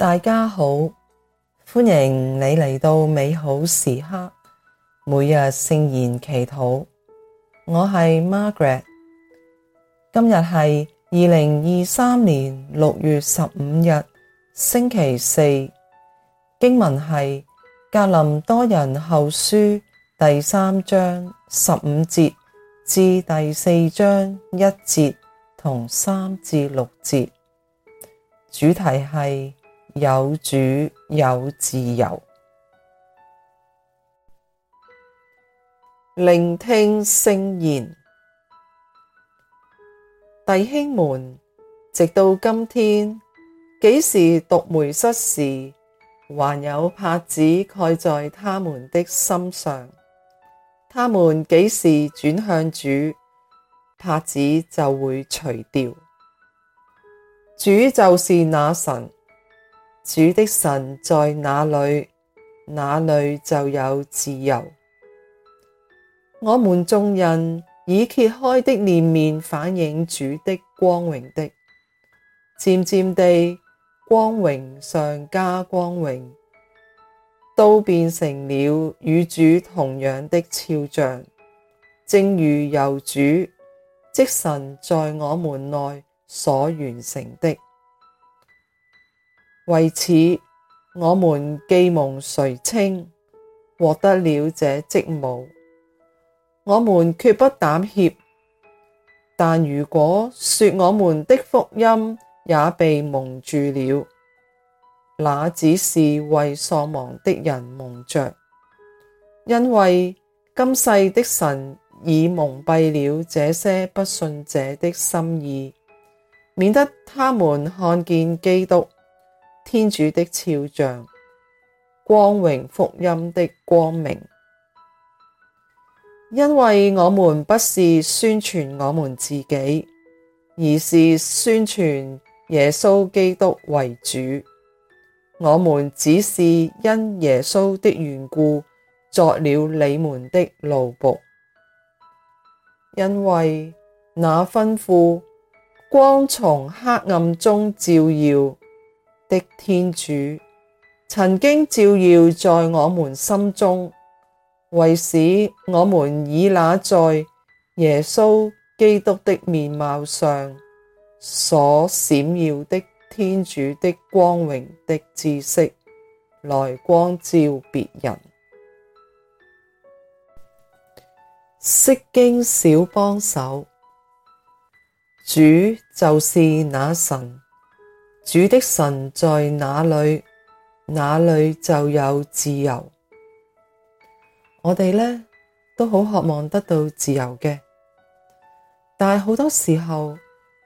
大家好，歡迎你嚟到美好時刻，每日聖言祈禱。我係 Margaret，今日係二零二三年六月十五日星期四。經文係格林多人後書第三章十五節至第四章一節同三至六節，主題係。有主有自由。聆聽聖言。弟兄們，直到今天，幾時讀梅瑟時，還有帕子蓋在他們的心上，他們幾時轉向主，帕子就會除掉。主就是那神。主的神在哪裡，哪裡就有自由。我們眾人以揭開的臉面反映主的光榮的，漸漸地光榮上加光榮，都變成了與主同樣的肖像，正如由主，即神在我們內所完成的。為此，我們既蒙垂青，獲得了這職務，我們決不膽怯。但如果說我們的福音也被蒙住了，那只是為喪亡的人蒙着。因為今世的神已蒙蔽了這些不信者的心意，免得他們看見基督。天主的肖像，光榮福音的光明，因為我們不是宣傳我們自己，而是宣傳耶穌基督為主。我們只是因耶穌的緣故作了你們的奴僕，因為那吩咐光從黑暗中照耀。的天主曾經照耀在我們心中，為使我們以那在耶穌基督的面貌上所閃耀的天主的光榮的知識來光照別人，釋經小幫手，主就是那神。主的神在哪裏，哪裏就有自由。我哋呢都好渴望得到自由嘅，但係好多時候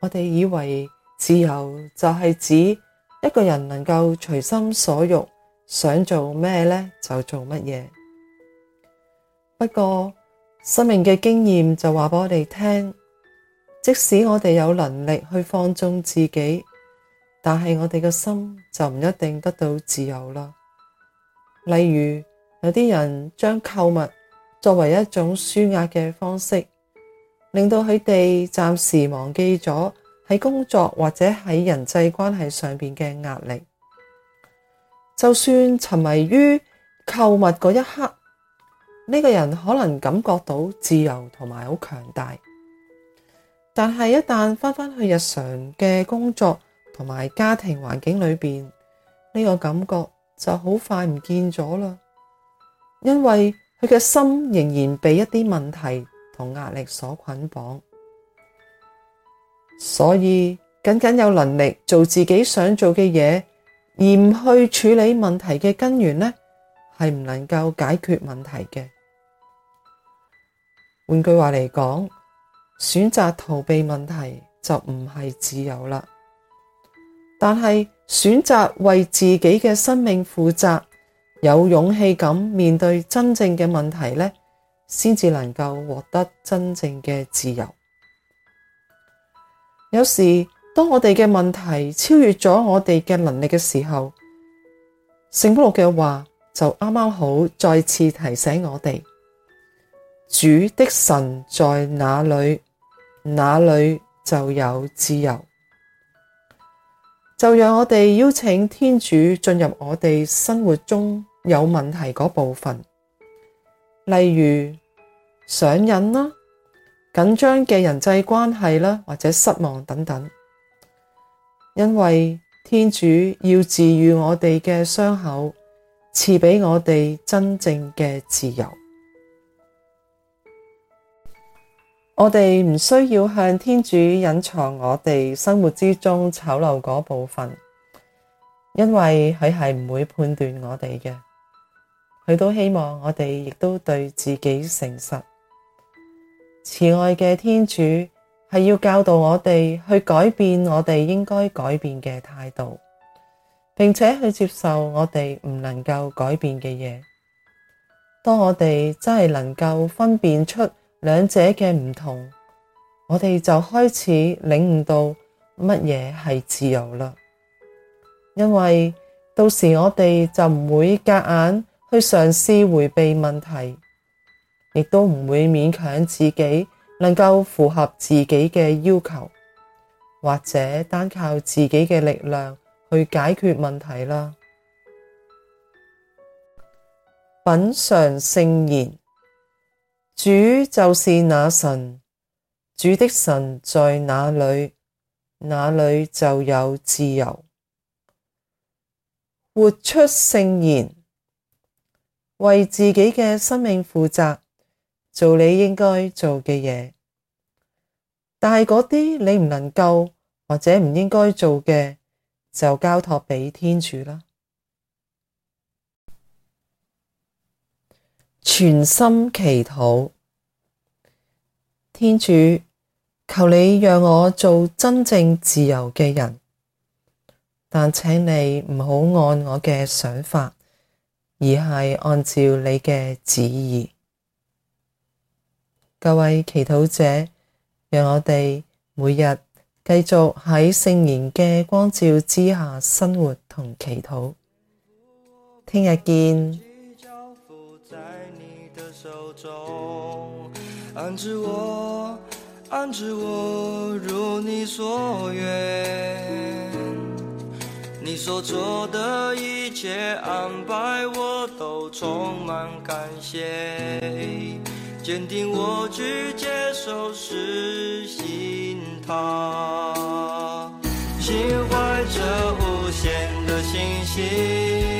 我哋以為自由就係指一個人能夠隨心所欲，想做咩呢就做乜嘢。不過生命嘅經驗就話俾我哋聽，即使我哋有能力去放縱自己。但係我哋嘅心就唔一定得到自由啦。例如有啲人將購物作為一種舒壓嘅方式，令到佢哋暫時忘記咗喺工作或者喺人際關係上邊嘅壓力。就算沉迷於購物嗰一刻，呢個人可能感覺到自由同埋好強大，但係一旦翻翻去日常嘅工作，同埋家庭環境裏邊，呢個感覺就好快唔見咗啦，因為佢嘅心仍然被一啲問題同壓力所捆綁，所以僅僅有能力做自己想做嘅嘢，而唔去處理問題嘅根源呢，係唔能夠解決問題嘅。換句話嚟講，選擇逃避問題就唔係自由啦。但係選擇為自己嘅生命負責，有勇氣咁面對真正嘅問題咧，先至能夠獲得真正嘅自由。有時當我哋嘅問題超越咗我哋嘅能力嘅時候，聖保祿嘅話就啱啱好再次提醒我哋：主的神在哪裏，哪裏就有自由。就讓我哋邀請天主進入我哋生活中有問題嗰部分，例如上癮啦、緊張嘅人際關係啦，或者失望等等。因為天主要治癒我哋嘅傷口，賜俾我哋真正嘅自由。我哋唔需要向天主隱藏我哋生活之中醜陋嗰部分，因為佢係唔會判斷我哋嘅，佢都希望我哋亦都對自己誠實。慈愛嘅天主係要教導我哋去改變我哋應該改變嘅態度，並且去接受我哋唔能夠改變嘅嘢。當我哋真係能夠分辨出。兩者嘅唔同，我哋就開始領悟到乜嘢係自由啦。因為到時我哋就唔會夾硬硬去嘗試回避問題，亦都唔會勉強自己能夠符合自己嘅要求，或者單靠自己嘅力量去解決問題啦。品嘗聖言。主就是那神，主的神在那裡，那裡就有自由。活出聖言，為自己嘅生命負責，做你應該做嘅嘢。但係嗰啲你唔能夠或者唔應該做嘅，就交託俾天主啦。全心祈禱，天主，求你讓我做真正自由嘅人，但請你唔好按我嘅想法，而係按照你嘅旨意。各位祈禱者，讓我哋每日繼續喺聖言嘅光照之下生活同祈禱。聽日見。安置我，安置我，如你所願。你所做的一切安排我，我都充滿感謝。堅定我去接受，實行他，心懷着無限的信心。